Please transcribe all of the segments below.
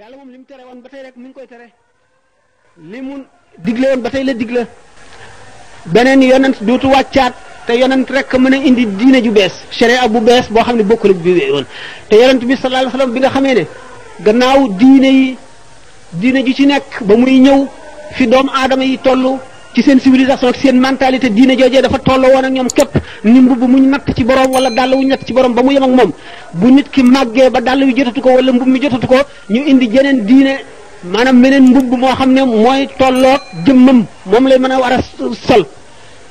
yàlla moom li mu tere woon ba tey rek mi ngi koy tere li mu digle woon ba tey la digla beneen yonent dootu wàccaat te yonent rek mën a indi diine ju bees sharia bu bees boo xam ne bokkul ak bi woon te yonent bi sallallahu alayhi wasallam bi nga xamee ne gannaaw diine yi diine ju ci nekk ba muy ñëw fi doomu aadama yi tollu ci seen civilisation ak seen mentalité diine joojee dafa tolloo woon ak ñoom képp ni mbubb mu natt ci borom wala dàll wuñ natt ci borom ba mu yem ak moom bu nit ki màggee ba dàll yu jotatu ko wala mbubb mi jotatu ko ñu indi jeneen diine maanaam meneen mbubb moo xam ne mooy tolloo jëmmam moom lay mën a war a sol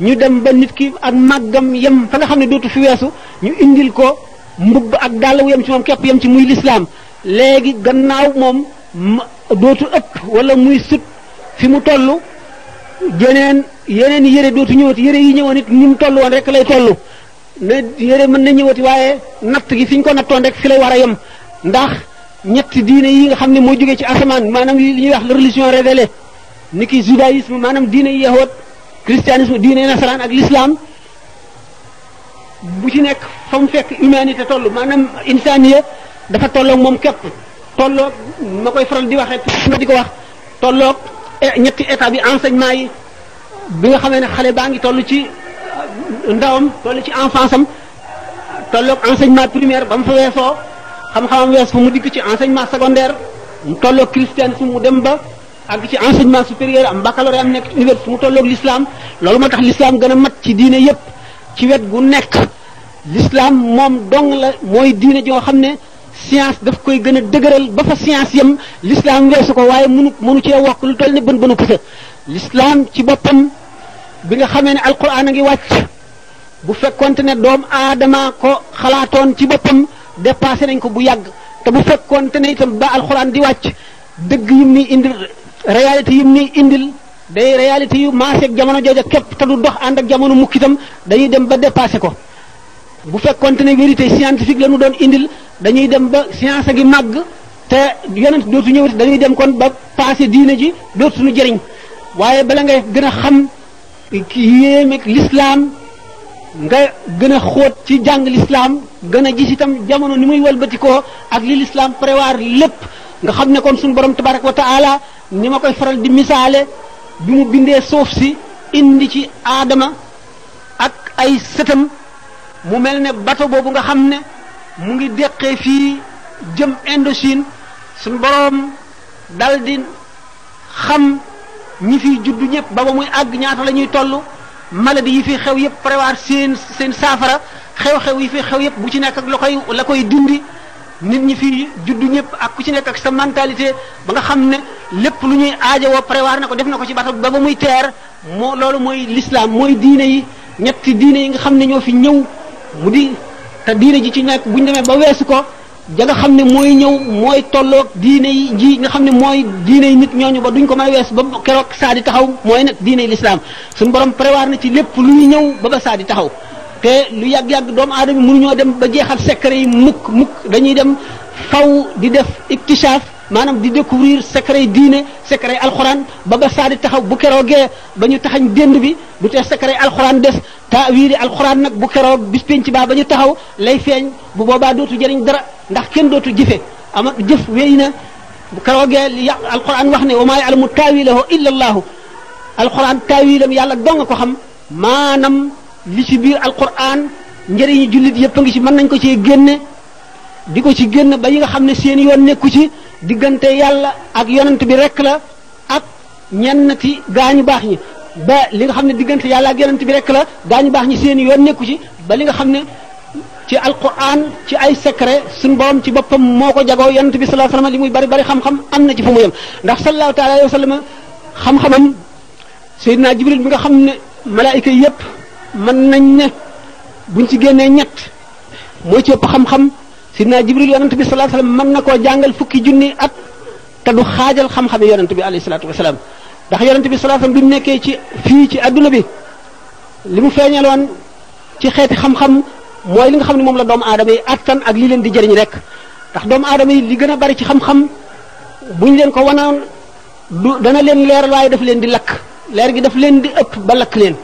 ñu dem ba nit ki ak màggam yem fa nga xam ne dootu fi weesu ñu indil ko mbubb ak dàll wu yem ci moom képp yem ci muy lislaam léegi gannaaw moom dootu ëpp wala muy sut mu toll yeneen yeneen yére dootu ñëwati yére yi ñëwoon it ni mu toll woon rek lay toll ne yére mën na ñëwati waaye natt gi fiñ ko ko nattoon rek fi lay war a yem ndax ñetti diine yi nga xam ne moo jógee ci asamaan maanaam li ñuy wax la religion révélée ni ki judaïsme maanaam diine yahood christianisme diine nasaraan ak l'islam bu ci nekk fa mu fekk humanité toll maanaam insaniya dafa tolloog moom képp tolloog ma koy faral di wax rek ma di ko wax tolloog E, ñetti état bi enseignement yi bi nga xamee ne xale baa ngi toll ci euh, ndawam toll ci enfance am tolloog enseignement primaire ba mu fa weesoo xam-xamam wees fa mu dikk ci enseignement secondaire mu tolloog christianisme mu dem ba àgg ci enseignement supérieur am baccalauréat am nekk université mu tolloog l'islam loolu moo tax l'islam gën a mat ci diine yépp ci wet gu nekk l'islam moom dong la mooy diine joo xam ne science daf koy gën a dëgëral ba fa science yem l'islam weesu ko waaye mënu mënu cee wokk lu toll ni bën bënu pësa l'islam ci boppam bi nga xamee ne alquran a ngi wàcc bu fekkonte ne doom aadama ko xalaatoon ci boppam dépassé nañ ko bu yàgg te bu fekkoon fekkonte ne itam ba alxuraan di wàcc dëgg yim ni indil réalité yim ni indil day réalité yu maaseeg jamono jooja képp te du dox ànd ak jamono mukki itam dañuy dem ba dépassé ko bu fekkonte ne vérité scientifique la ñu doon indil dañuy dem ba science gi màgg te yonent dootu ñëwati dañuy dem kon ba passé diine ji dootu suñu jëriñ waaye bala ngay gën a xam yéem ak lislaam nga gën a xóot ci jàng lislaam gën a gis itam jamono ni muy walbatikoo ak li lislaam prévoir lépp nga xam ne kon suñu borom tabarak wa taala ni ma koy faral di misaale bi mu bindee suuf si indi ci aadama ak ay sëtam mu mel ne bato boobu nga xam ne mu ngi deqee fii jëm Indochine suñ boroom dal di xam ñi fiy judd ñëpp ba ba muy àgg ñaata la ñuy toll maladie yi fi xew yëpp prévoir seen seen saafara xew-xew yi fi xew yëpp bu ci nekk ak la koy la koy dindi nit ñi fi juddu ñëpp ak ku ci nekk ak sa mentalité ba nga xam ne lépp lu ñuy aajowoo prévoir na ko def na ko ci bata ba ba muy teer moo loolu mooy lislaam mooy diine yi ñetti diine yi nga xam ne ñoo fi ñëw mu di te diine ji ci nekk bu ñu demee ba weesu ko ja nga xam ne mooy ñëw mooy tolloog diine yi ji nga xam ne mooy diine yi nit ñooñu ba duñ ko mën a wees ba keroog saadi di taxaw mooy nag diine yi lislaam suñu borom prévoir na ci lépp lu ñu ñëw ba ba saa di taxaw te lu yàgg-yàgg doomu aadama mënuñoo dem ba jeexal secret yi mukk mukk dañuy dem faw di def iktishaaf maanaam di découvrir secret yi diine secret yi alxuraan ba ba saa taxaw bu keroogee ba ñu taxañ dénd bi du tee secret yi alxuraan taawili alxuraan nag bu keroog bis penc baa ba ñu taxaw lay feeñ bu boobaa dootu jëriñ dara ndax kenn dootu jëfe ama jëf wéy na bu keroogee li alxuraan wax ne wa maa yaalamu taawilahu illa allaahu alxuraan taawilam yàlla dong ko xam maanaam li ci biir alxuraan njëriñu jullit yëpp a ngi ci mën nañ ko cee génne di ko ci génn ba yi nga xam ne seen yoon nekku ci diggante yàlla ak yonent bi rek la ak ñenn ti gaañu baax ñi ba li nga xam ne diggante yàlla ak yonent bi rek la daañu baax ñi seen yoon nekku ci ba li nga xam ne ci alquran ci ay secret suñ borom ci boppam moo ko jagoo yonent bi sallallahu li muy bari bari xam-xam am na ci fu ndax sallallahu taala alayhi wasallam xam-xamam Seydina Jibril bi nga xam ne malaayika yépp mën nañ ne buñ ci génnee ñett moo ci ëpp xam-xam Seydina Jibril yonent bi sallallahu alayhi wasallam mën na koo jàngal fukki junni at te du xaajal xam-xami yonent bi alayhi salaatu wasalaam ndax yonent bi sallallahu bi mu nekkee ci fii ci adduna bi li mu feeñaloon ci xeeti xam-xam mooy li nga xam ne moom la doomu aadama yi attan ak li leen di jëriñ rek ndax doomu aadama yi li gën a bari ci xam-xam buñ leen ko wanoon du dana leen leer waaye daf leen di lakk leer gi daf leen di ëpp ba lakk leen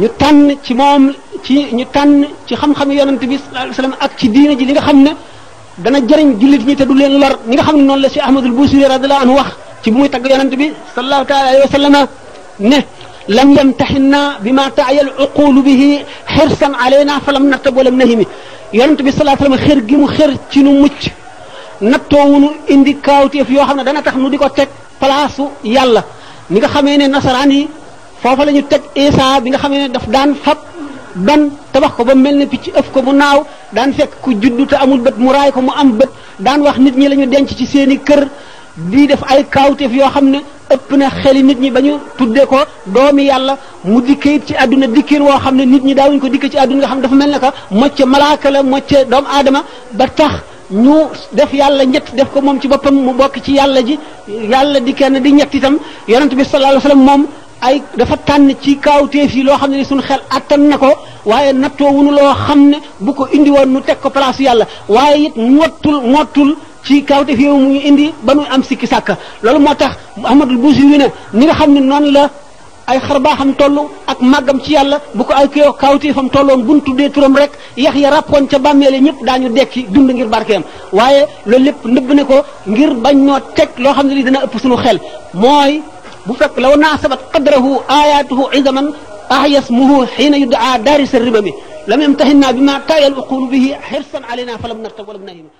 ñu tànn ci moom ci ñu tànn ci xam-xam yonent bi sallallahu alayhi wasallam ak ci diina ji li nga xam ne dana jëriñ jullit ñi te du leen lor ni nga xam ne noonu la si Ahmadul Busiri radiyallahu anhu wax ci bu muy tagg yonent bi sallallahu taala alayhi wa sallama ne lam yamtaxinnaa bima taayal uqulu bihi xirsan alayna falam nartab walam nahimi yonent bi sallallahu alayhi wa sallam xër gi mu xër ci nu mucc nattoowunu indi kaawteef yoo xam ne dana tax nu di ko teg place yàlla mi nga xamee ne nasaraan yi foofa la ñu teg Isa bi nga xamee ne daf daan fab ban tabax ko ba mel ne picc ëf ko mu naaw daan fekk ku juddu te amul bët mu raay ko mu am bët daan wax nit ñi la ñu denc ci seeni kër di def ay kaawteef yoo xam ne ëpp na xeli nit ñi ba ñu tuddee ko doomi yàlla mu dikkee it ci àdduna dikkiin woo xam ne nit ñi daawuñ ko dikkee ci àdduna nga xam ne dafa mel ne que mocce malaaka la mocce doomu aadama ba tax ñu def yàlla ñett def ko moom ci boppam mu bokk ci yàlla ji yàlla di kenn di ñett itam yonent bi sallallahu alayhi wasallam moom ay dafa tànn ci kaawteef yi loo xam ne suñu xel attan na ko waaye nattoo wunu loo xam ne bu ko indi woon nu teg ko place yàlla waaye it mottul mottul ci kawtef yow mu indi ba muy am sikki sàkka loolu moo tax ahmadul buusi wi ne ni nga xam ne noonu la ay xar baaxam toll ak maggam ci yàlla bu ko ay kiyoo kawtéefam tolloon buntu dee turam rek yax ya ràppoon ca bàmmeele ñëpp daañu dekki dund ngir barkeem waaye loolu lépp ndëbb ne ko ngir bañ noo teg loo xam ne lii dana ëpp suñu xel mooy bu fekk law naa sabat qadrahu ayatuhu izaman ahyasmuhu xiina yuddaa daarisa riba mi lam yamtahin naa bi ma taayal uqulu bihi xirsan aleyna falam nartab walam nahima